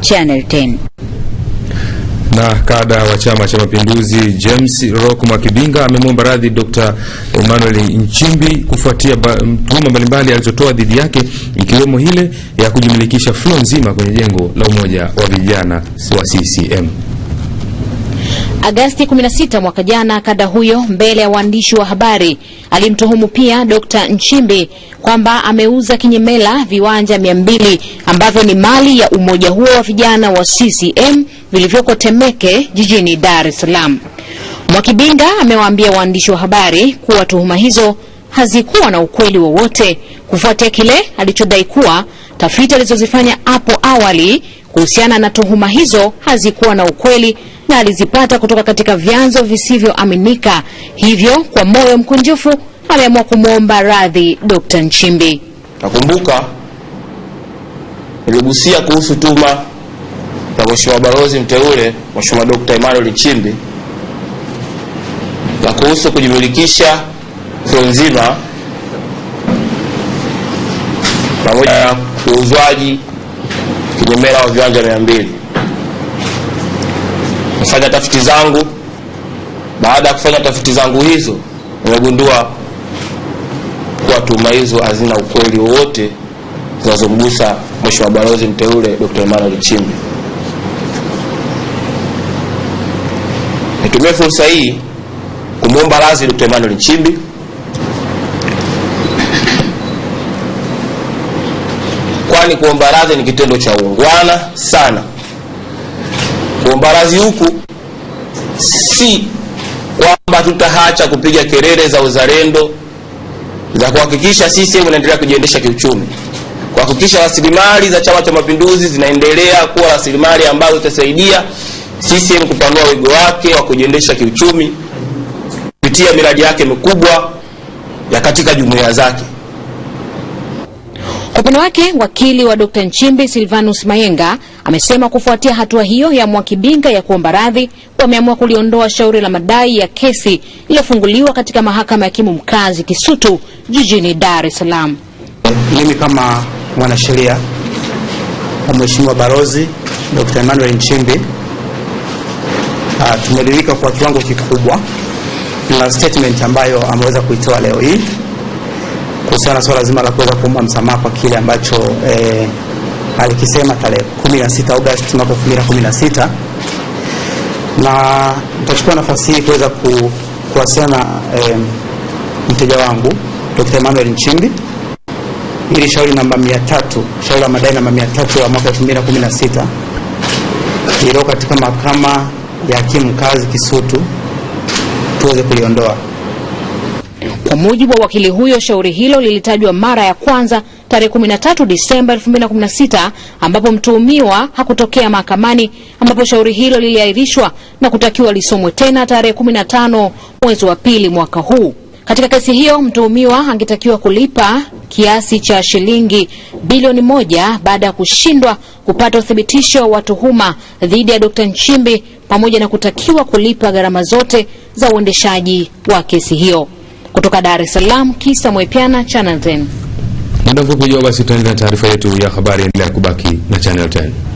Channel 10. Na kada wa Chama cha Mapinduzi James Rock Mwakibinga amemwomba radhi Dr. Emmanuel Nchimbi kufuatia tuhuma mbalimbali alizotoa dhidi yake ikiwemo ile ya kujimilikisha floor nzima kwenye jengo la umoja wa vijana wa CCM. Agasti 16 mwaka jana, kada huyo mbele ya waandishi wa habari alimtuhumu pia Dkt. Nchimbi kwamba ameuza kinyemela viwanja 200 ambavyo ni mali ya umoja huo wa vijana wa CCM vilivyoko Temeke jijini Dar es Salaam. Mwakibinga amewaambia waandishi wa habari kuwa tuhuma hizo hazikuwa na ukweli wowote kufuatia kile alichodai kuwa tafiti alizozifanya hapo awali kuhusiana na tuhuma hizo hazikuwa na ukweli na alizipata kutoka katika vyanzo visivyoaminika. Hivyo kwa moyo mkunjufu ameamua kumwomba radhi d Nchimbi. Nakumbuka niligusia kuhusu tuma na Mheshimiwa Balozi mteule Mheshimiwa Dr. Emmanuel Nchimbi na kuhusu kujimilikisha zo nzima pamoja na uuzwaji kinyemela wa viwanja mia mbili kufanya tafiti zangu. Baada ya kufanya tafiti zangu hizo, nimegundua kuwa tuhuma hizo hazina ukweli wowote zinazomgusa Mheshimiwa Balozi mteule Dr. Emmanuel chimbi Nitumie fursa hii kumwomba radhi Dr. Emmanuel chimbi kwani kuomba radhi ni kitendo cha uungwana sana mbarazi huku si kwamba tutaacha kupiga kelele za uzalendo za kuhakikisha CCM unaendelea kujiendesha kiuchumi, kuhakikisha rasilimali za Chama cha Mapinduzi zinaendelea kuwa rasilimali ambazo zitasaidia CCM kupanua wigo wake wa kujiendesha kiuchumi kupitia miradi yake mikubwa ya katika jumuiya zake. Kwa upande wake wakili wa Dr. Nchimbi Silvanus Mayenga amesema kufuatia hatua hiyo ya Mwakibinga ya kuomba radhi, wameamua kuliondoa shauri la madai ya kesi iliyofunguliwa katika mahakama ya hakimu mkazi Kisutu jijini Dar es Salaam. Mimi kama mwanasheria wa Mheshimiwa Balozi Dr. Emmanuel Nchimbi ah, tumeridhika kwa kiwango kikubwa na statement ambayo ameweza kuitoa leo hii kuhusiana swala zima la kuweza kuomba msamaha kwa kile ambacho eh, alikisema tarehe 16 Agosti mwaka 2016 na nitachukua nafasi hii kuweza kuwasiliana na eh, mteja wangu Dr. Emmanuel Nchimbi ili shauri namba 300 shauri la madai namba 300 ya mwaka 2016 iliyo katika mahakama ya hakimu mkazi Kisutu tuweze kuliondoa. Kwa mujibu wa wakili huyo, shauri hilo lilitajwa mara ya kwanza tarehe 13 Disemba 2016 ambapo mtuhumiwa hakutokea mahakamani, ambapo shauri hilo liliahirishwa na kutakiwa lisomwe tena tarehe 15 mwezi wa pili mwaka huu. Katika kesi hiyo mtuhumiwa angetakiwa kulipa kiasi cha shilingi bilioni moja baada ya kushindwa kupata uthibitisho wa tuhuma dhidi ya Dr. Nchimbi pamoja na kutakiwa kulipa gharama zote za uendeshaji wa kesi hiyo. Kutoka Dar es Salaam, Kisa Mwepiana, Channel 10. muda ndio fupi basi, tunaendelea na taarifa yetu ya habari. Endelea kubaki na Channel 10.